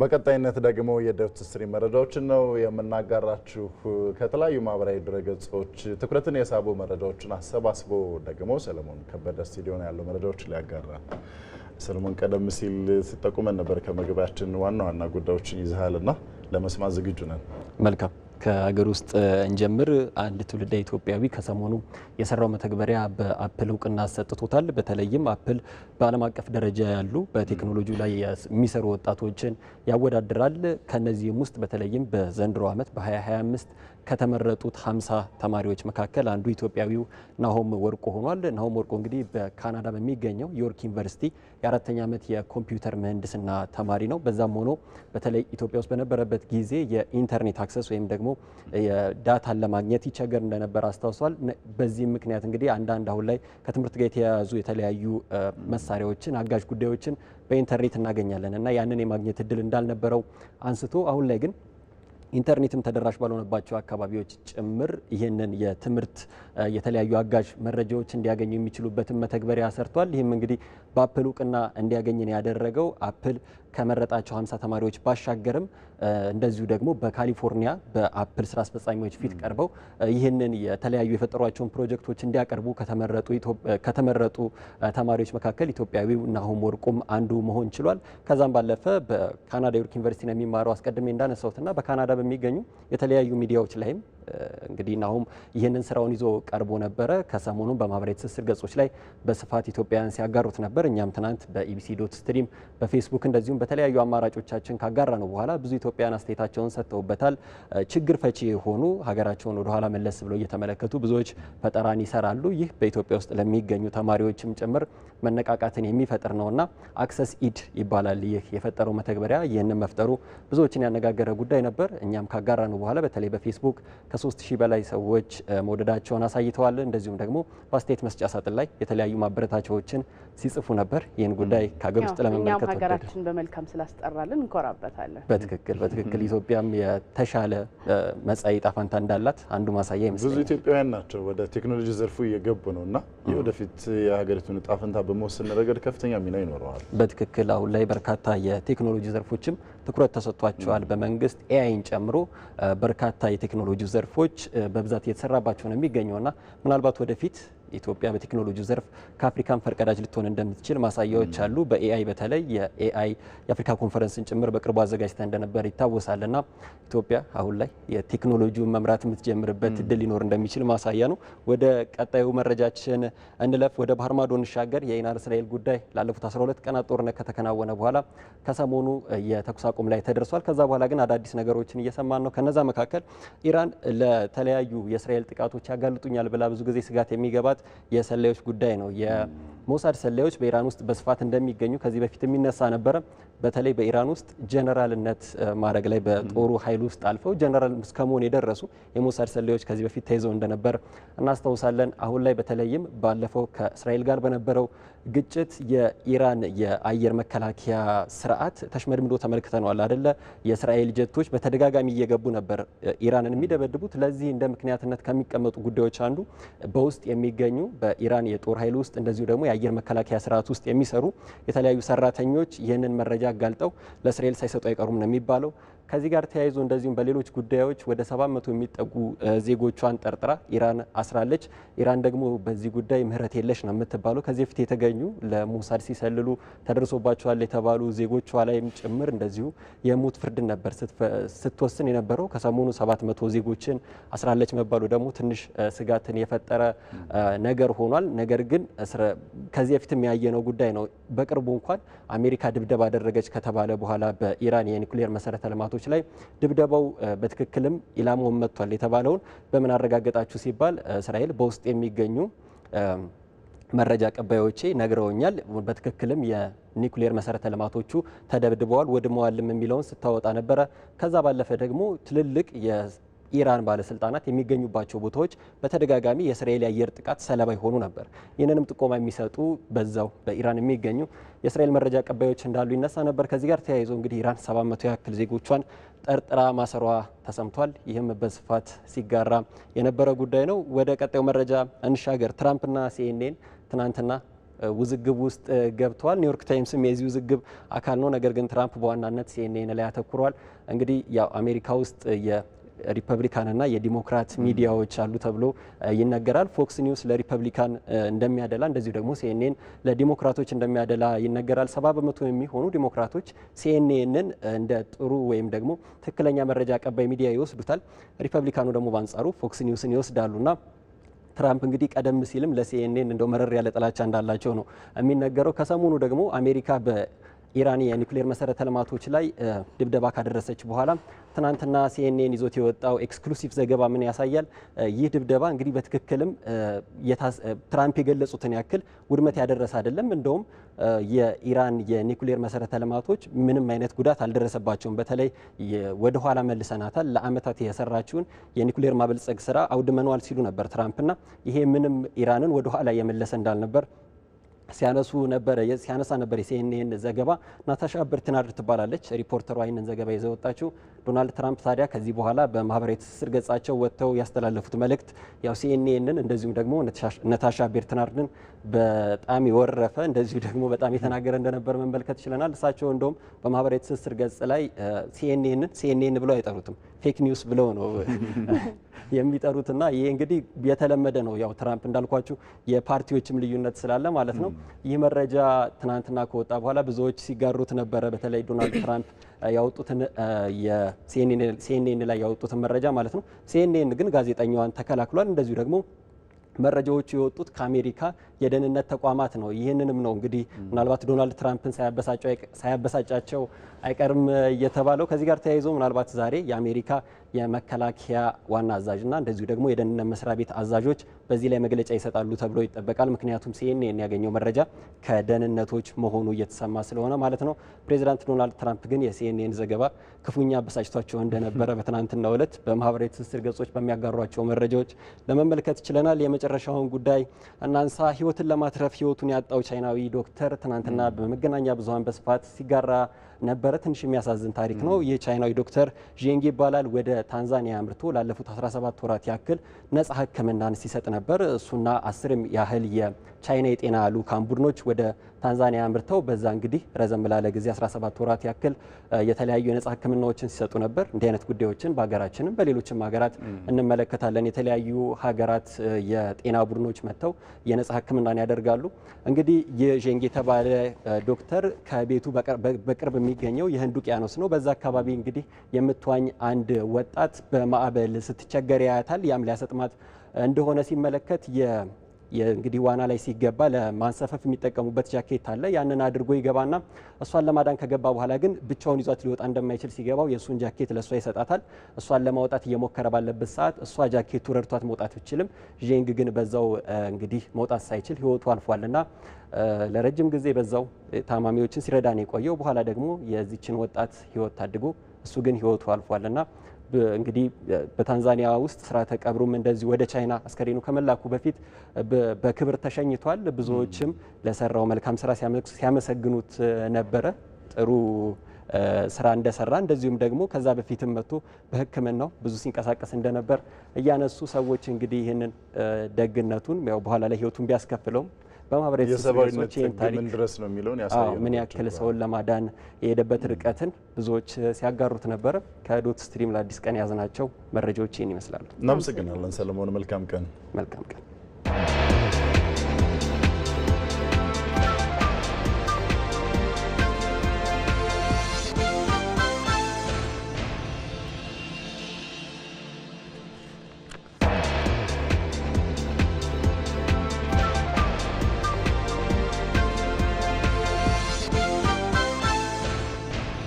በቀጣይነት ደግሞ የደብት ስሪ መረጃዎችን ነው የምናጋራችሁ። ከተለያዩ ማህበራዊ ድረገጾች ትኩረትን የሳቡ መረጃዎችን አሰባስቦ ደግሞ ሰለሞን ከበደ ስቱዲዮን ነው ያለው ሊያጋራ። ሰለሞን ቀደም ሲል ሲጠቁመን ነበር ከመግቢያችን ዋና ዋና ጉዳዮችን ና ለመስማት ዝግጁ ነን። መልካም ከሀገር ውስጥ እንጀምር። አንድ ትውልደ ኢትዮጵያዊ ከሰሞኑ የሰራው መተግበሪያ በአፕል እውቅና ሰጥቶታል። በተለይም አፕል በዓለም አቀፍ ደረጃ ያሉ በቴክኖሎጂ ላይ የሚሰሩ ወጣቶችን ያወዳድራል። ከነዚህም ውስጥ በተለይም በዘንድሮ ዓመት በ2025 ከተመረጡት 50 ተማሪዎች መካከል አንዱ ኢትዮጵያዊው ናሆም ወርቆ ሆኗል። ናሆም ወርቆ እንግዲህ በካናዳ በሚገኘው ዮርክ ዩኒቨርሲቲ የአራተኛ ዓመት የኮምፒውተር ምህንድስና ተማሪ ነው። በዛም ሆኖ በተለይ ኢትዮጵያ ውስጥ በነበረበት ጊዜ የኢንተርኔት አክሰስ ወይም ደግሞ ዳታን ለማግኘት ይቸገር እንደነበር አስታውሷል። በዚህም ምክንያት እንግዲህ አንዳንድ አሁን ላይ ከትምህርት ጋር የተያያዙ የተለያዩ መሳሪያዎችን፣ አጋዥ ጉዳዮችን በኢንተርኔት እናገኛለን እና ያንን የማግኘት እድል እንዳልነበረው አንስቶ አሁን ላይ ግን ኢንተርኔትም ተደራሽ ባልሆነባቸው አካባቢዎች ጭምር ይህንን የትምህርት የተለያዩ አጋዥ መረጃዎች እንዲያገኙ የሚችሉበትን መተግበሪያ ሰርቷል። ይህም እንግዲህ በአፕል እውቅና እንዲያገኝን ያደረገው አፕል ከመረጣቸው 50 ተማሪዎች ባሻገርም እንደዚሁ ደግሞ በካሊፎርኒያ በአፕል ስራ አስፈጻሚዎች ፊት ቀርበው ይህንን የተለያዩ የፈጠሯቸውን ፕሮጀክቶች እንዲያቀርቡ ከተመረጡ ተማሪዎች መካከል ኢትዮጵያዊው ናሆም ወርቁም አንዱ መሆን ችሏል። ከዛም ባለፈ በካናዳ ዮርክ ዩኒቨርሲቲ ነው የሚማረው አስቀድሜ እንዳነሳሁትና በካናዳ በሚገኙ የተለያዩ ሚዲያዎች ላይም እንግዲህ ናሁም ይህንን ስራውን ይዞ ቀርቦ ነበረ። ከሰሞኑን በማህበራዊ ትስስር ገጾች ላይ በስፋት ኢትዮጵያውያን ሲያጋሩት ነበር። እኛም ትናንት በኢቢሲ ዶት ስትሪም፣ በፌስቡክ እንደዚሁም በተለያዩ አማራጮቻችን ካጋራ ነው በኋላ ብዙ ኢትዮጵያውያን አስተያየታቸውን ሰጥተውበታል። ችግር ፈቺ የሆኑ ሀገራቸውን ወደኋላ መለስ ብለው እየተመለከቱ ብዙዎች ፈጠራን ይሰራሉ። ይህ በኢትዮጵያ ውስጥ ለሚገኙ ተማሪዎችም ጭምር መነቃቃትን የሚፈጥር ነውና አክሰስ ኢድ ይባላል። ይህ የፈጠረው መተግበሪያ ይህንን መፍጠሩ ብዙዎችን ያነጋገረ ጉዳይ ነበር። እኛም ካጋራ ነው በኋላ በተለይ በፌስቡክ ከሶስት ሺህ በላይ ሰዎች መውደዳቸውን አሳይተዋል። እንደዚሁም ደግሞ በአስተያየት መስጫ ሳጥን ላይ የተለያዩ ማበረታቻዎችን ሲጽፉ ነበር። ይህን ጉዳይ ከሀገር ውስጥ ለመመልከት ሀገራችን በመልካም ስላስጠራልን እንኮራበታለን። በትክክል በትክክል ኢትዮጵያም የተሻለ መጻኢ ዕጣ ፈንታ እንዳላት አንዱ ማሳያ ይመስላል። ብዙ ኢትዮጵያውያን ናቸው ወደ ቴክኖሎጂ ዘርፉ እየገቡ ነው እና የወደፊት የሀገሪቱን ዕጣ ፈንታ በመወሰን ረገድ ከፍተኛ ሚና ይኖረዋል። በትክክል አሁን ላይ በርካታ የቴክኖሎጂ ዘርፎችም ትኩረት ተሰጥቷቸዋል። በመንግስት ኤአይን ጨምሮ በርካታ የቴክኖሎጂ ዘርፎች በብዛት እየተሰራባቸው ነው የሚገኘውና ምናልባት ወደፊት ኢትዮጵያ በቴክኖሎጂ ዘርፍ ከአፍሪካን ፈርቀዳጅ ልትሆን እንደምትችል ማሳያዎች አሉ። በኤአይ በተለይ የኤአይ የአፍሪካ ኮንፈረንስን ጭምር በቅርቡ አዘጋጅታ እንደነበር ይታወሳል ና ኢትዮጵያ አሁን ላይ የቴክኖሎጂውን መምራት የምትጀምርበት እድል ሊኖር እንደሚችል ማሳያ ነው። ወደ ቀጣዩ መረጃችን እንለፍ። ወደ ባህር ማዶ እንሻገር። የኢራን እስራኤል ጉዳይ ላለፉት 12 ቀናት ጦርነት ከተከናወነ በኋላ ከሰሞኑ የተኩስ አቁም ላይ ተደርሷል። ከዛ በኋላ ግን አዳዲስ ነገሮችን እየሰማን ነው። ከነዛ መካከል ኢራን ለተለያዩ የእስራኤል ጥቃቶች ያጋልጡኛል ብላ ብዙ ጊዜ ስጋት የሚገባት የሰላዮች ጉዳይ ነው ሞሳድ ሰላዮች በኢራን ውስጥ በስፋት እንደሚገኙ ከዚህ በፊት የሚነሳ ነበረ። በተለይ በኢራን ውስጥ ጀነራልነት ማድረግ ላይ በጦሩ ኃይል ውስጥ አልፈው ጀነራል መሆን የደረሱ የሞሳድ ሰላዮች ከዚህ በፊት ተይዘው እንደነበር እናስታውሳለን። አሁን ላይ በተለይም ባለፈው ከእስራኤል ጋር በነበረው ግጭት የኢራን የአየር መከላከያ ስርዓት ተሽመድምዶ ተመልክተነዋል አደለ? የእስራኤል ጀቶች በተደጋጋሚ እየገቡ ነበር ኢራንን የሚደበድቡት። ለዚህ እንደ ምክንያትነት ከሚቀመጡ ጉዳዮች አንዱ በውስጥ የሚገኙ በኢራን የጦር ኃይል ውስጥ እንደዚሁ ደግሞ የአየር መከላከያ ስርዓት ውስጥ የሚሰሩ የተለያዩ ሰራተኞች ይህንን መረጃ አጋልጠው ለእስራኤል ሳይሰጡ አይቀሩም ነው የሚባለው። ከዚህ ጋር ተያይዞ እንደዚሁም በሌሎች ጉዳዮች ወደ 700 የሚጠጉ ዜጎቿን ጠርጥራ ኢራን አስራለች። ኢራን ደግሞ በዚህ ጉዳይ ምህረት የለሽ ነው የምትባለው። ከዚህ በፊት የተገኙ ለሞሳድ ሲሰልሉ ተደርሶባቸዋል የተባሉ ዜጎቿ ላይም ጭምር እንደዚሁ የሞት ፍርድ ነበር ስትወስን የነበረው። ከሰሞኑ 700 ዜጎችን አስራለች መባሉ ደግሞ ትንሽ ስጋትን የፈጠረ ነገር ሆኗል። ነገር ግን ከዚህ በፊትም ያየነው ጉዳይ ነው። በቅርቡ እንኳን አሜሪካ ድብደባ አደረገች ከተባለ በኋላ በኢራን የኒውክሌር መሰረተ ልማቶች ቤቶች ላይ ድብደባው በትክክልም ኢላማውን መጥቷል የተባለውን በምን አረጋገጣችሁ ሲባል እስራኤል በውስጥ የሚገኙ መረጃ ቀባዮቼ ነግረውኛል። በትክክልም የኒኩሌር መሰረተ ልማቶቹ ተደብድበዋል፣ ወድመዋልም የሚለውን ስታወጣ ነበረ። ከዛ ባለፈ ደግሞ ትልልቅ የኢራን ባለስልጣናት የሚገኙባቸው ቦታዎች በተደጋጋሚ የእስራኤል አየር ጥቃት ሰለባ የሆኑ ነበር። ይህንንም ጥቆማ የሚሰጡ በዛው በኢራን የሚገኙ የእስራኤል መረጃ ቀባዮች እንዳሉ ይነሳ ነበር። ከዚህ ጋር ተያይዞ እንግዲህ ኢራን 700 ያክል ዜጎቿን ጠርጥራ ማሰሯ ተሰምቷል። ይህም በስፋት ሲጋራ የነበረ ጉዳይ ነው። ወደ ቀጣዩ መረጃ እንሻገር። ትራምፕና ሲኤንኤን ትናንትና ውዝግብ ውስጥ ገብተዋል። ኒውዮርክ ታይምስም የዚህ ውዝግብ አካል ነው። ነገር ግን ትራምፕ በዋናነት ሲኤንኤን ላይ አተኩረዋል። እንግዲህ ያው አሜሪካ ውስጥ ና የዲሞክራት ሚዲያዎች አሉ ተብሎ ይነገራል። ፎክስ ኒውስ ለሪፐብሊካን እንደሚያደላ እንደዚሁ ደግሞ ሲኤንኤን ለዲሞክራቶች እንደሚያደላ ይነገራል። ሰባ በመቶ የሚሆኑ ዲሞክራቶች ሲኤንኤንን እንደ ጥሩ ወይም ደግሞ ትክክለኛ መረጃ አቀባይ ሚዲያ ይወስዱታል። ሪፐብሊካኑ ደግሞ በአንጻሩ ፎክስ ኒውስን ይወስዳሉና ትራምፕ እንግዲህ ቀደም ሲልም ለሲኤንኤን እንደው መረር ያለ ጥላቻ እንዳላቸው ነው የሚነገረው። ከሰሞኑ ደግሞ አሜሪካ በ ኢራን የኒውክሌር መሰረተ ልማቶች ላይ ድብደባ ካደረሰች በኋላ ትናንትና ሲኤንኤን ይዞት የወጣው ኤክስክሉሲቭ ዘገባ ምን ያሳያል? ይህ ድብደባ እንግዲህ በትክክልም ትራምፕ የገለጹትን ያክል ውድመት ያደረሰ አይደለም። እንደውም የኢራን የኒውክሌር መሰረተ ልማቶች ምንም አይነት ጉዳት አልደረሰባቸውም። በተለይ ወደኋላ መልሰናታል፣ ለአመታት የሰራችውን የኒውክሌር ማበልጸግ ስራ አውድመነዋል ሲሉ ነበር ትራምፕና ይሄ ምንም ኢራንን ወደኋላ የመለሰ እንዳልነበር ሲያነሱ ነበረ ሲያነሳ ነበር የሲኤንኤን ዘገባ። ናታሻ ብርትናርድ ትባላለች ሪፖርተሯ ይህንን ዘገባ የዘወጣችው። ዶናልድ ትራምፕ ታዲያ ከዚህ በኋላ በማህበራዊ ትስስር ገጻቸው ወጥተው ያስተላለፉት መልእክት ያው ሲኤንኤንን እንደዚሁም ደግሞ ነታሻ ብርትናርድን በጣም የወረፈ እንደዚሁ ደግሞ በጣም የተናገረ እንደነበር መመልከት ችለናል። እሳቸው እንደውም በማህበራዊ ትስስር ገጽ ላይ ሲኤንኤንን ሲኤንኤን ብለው አይጠሩትም ፌክ ኒውስ ብለው ነው የሚጠሩትና ይሄ እንግዲህ የተለመደ ነው። ያው ትራምፕ እንዳልኳችሁ የፓርቲዎችም ልዩነት ስላለ ማለት ነው። ይህ መረጃ ትናንትና ከወጣ በኋላ ብዙዎች ሲጋሩት ነበረ። በተለይ ዶናልድ ትራምፕ ያወጡትን የሲኤንኤን ላይ ያወጡትን መረጃ ማለት ነው። ሲኤንኤን ግን ጋዜጠኛዋን ተከላክሏል። እንደዚሁ ደግሞ መረጃዎቹ የወጡት ከአሜሪካ የደህንነት ተቋማት ነው። ይህንንም ነው እንግዲህ ምናልባት ዶናልድ ትራምፕን ሳያበሳጫቸው አይቀርም እየተባለው። ከዚህ ጋር ተያይዞ ምናልባት ዛሬ የአሜሪካ የመከላከያ ዋና አዛዥና እንደዚሁ ደግሞ የደህንነት መስሪያ ቤት አዛዦች በዚህ ላይ መግለጫ ይሰጣሉ ተብሎ ይጠበቃል። ምክንያቱም ሲኤንኤን ያገኘው መረጃ ከደህንነቶች መሆኑ እየተሰማ ስለሆነ ማለት ነው። ፕሬዚዳንት ዶናልድ ትራምፕ ግን የሲኤንኤን ዘገባ ክፉኛ አበሳጭቷቸው እንደነበረ በትናንትናው ዕለት በማህበራዊ ትስስር ገጾች በሚያጋሯቸው መረጃዎች ለመመልከት ችለናል። የመጨረሻውን ጉዳይ እናንሳ። ህይወትን ለማትረፍ ህይወቱን ያጣው ቻይናዊ ዶክተር ትናንትና በመገናኛ ብዙሀን በስፋት ሲጋራ ነበረ። ትንሽ የሚያሳዝን ታሪክ ነው። ይህ ቻይናዊ ዶክተር ዤንግ ይባላል። ወደ ታንዛኒያ አምርቶ ላለፉት 17 ወራት ያክል ነጻ ህክምናን ሲሰጥ ነበር። ነበር። እሱና አስር ያህል የቻይና የጤና ልኡካን ቡድኖች ወደ ታንዛኒያ አምርተው በዛ እንግዲህ ረዘም ላለ ጊዜ 17 ወራት ያክል የተለያዩ የነጻ ሕክምናዎችን ሲሰጡ ነበር። እንዲህ አይነት ጉዳዮችን በሀገራችንም በሌሎችም ሀገራት እንመለከታለን። የተለያዩ ሀገራት የጤና ቡድኖች መጥተው የነጻ ሕክምናን ያደርጋሉ። እንግዲህ የዤንግ የተባለ ዶክተር ከቤቱ በቅርብ የሚገኘው የህንድ ውቅያኖስ ነው። በዛ አካባቢ እንግዲህ የምትዋኝ አንድ ወጣት በማዕበል ስትቸገር ያያታል። ያም ሊያሰጥማት እንደሆነ ሲመለከት እንግዲህ ዋና ላይ ሲገባ ለማንሰፈፍ የሚጠቀሙበት ጃኬት አለ። ያንን አድርጎ ይገባና እሷን ለማዳን ከገባ በኋላ ግን ብቻውን ይዟት ሊወጣ እንደማይችል ሲገባው የእሱን ጃኬት ለእሷ ይሰጣታል። እሷን ለማውጣት እየሞከረ ባለበት ሰዓት እሷ ጃኬቱ ረድቷት መውጣት ብችልም ዤንግ ግን በዛው እንግዲህ መውጣት ሳይችል አልፏል አልፏልና ለረጅም ጊዜ በዛው ታማሚዎችን ሲረዳን የቆየው በኋላ ደግሞ የዚችን ወጣት ህይወት ታድጎ እሱ ግን ሕይወቱ አልፏልና እንግዲህ በታንዛኒያ ውስጥ ስርዓተ ቀብሩም እንደዚህ ወደ ቻይና አስከሬኑ ከመላኩ በፊት በክብር ተሸኝቷል። ብዙዎችም ለሰራው መልካም ስራ ሲያመሰግኑት ነበረ። ጥሩ ስራ እንደሰራ እንደዚሁም ደግሞ ከዛ በፊትም መጥቶ በሕክምናው ብዙ ሲንቀሳቀስ እንደነበር እያነሱ ሰዎች እንግዲህ ይህንን ደግነቱን ያው በኋላ ላይ ህይወቱን ቢያስከፍለውም በማህበራዊ የሰብአዊነት ምን ድረስ ነው የሚለውን ያሳየው። ምን ያክል ሰውን ለማዳን የሄደበት ርቀትን ብዙዎች ሲያጋሩት ነበረ። ከዶት ስትሪም ለአዲስ ቀን የያዝናቸው መረጃዎች ይህን ይመስላሉ። እናመሰግናለን ሰለሞን። መልካም ቀን። መልካም ቀን።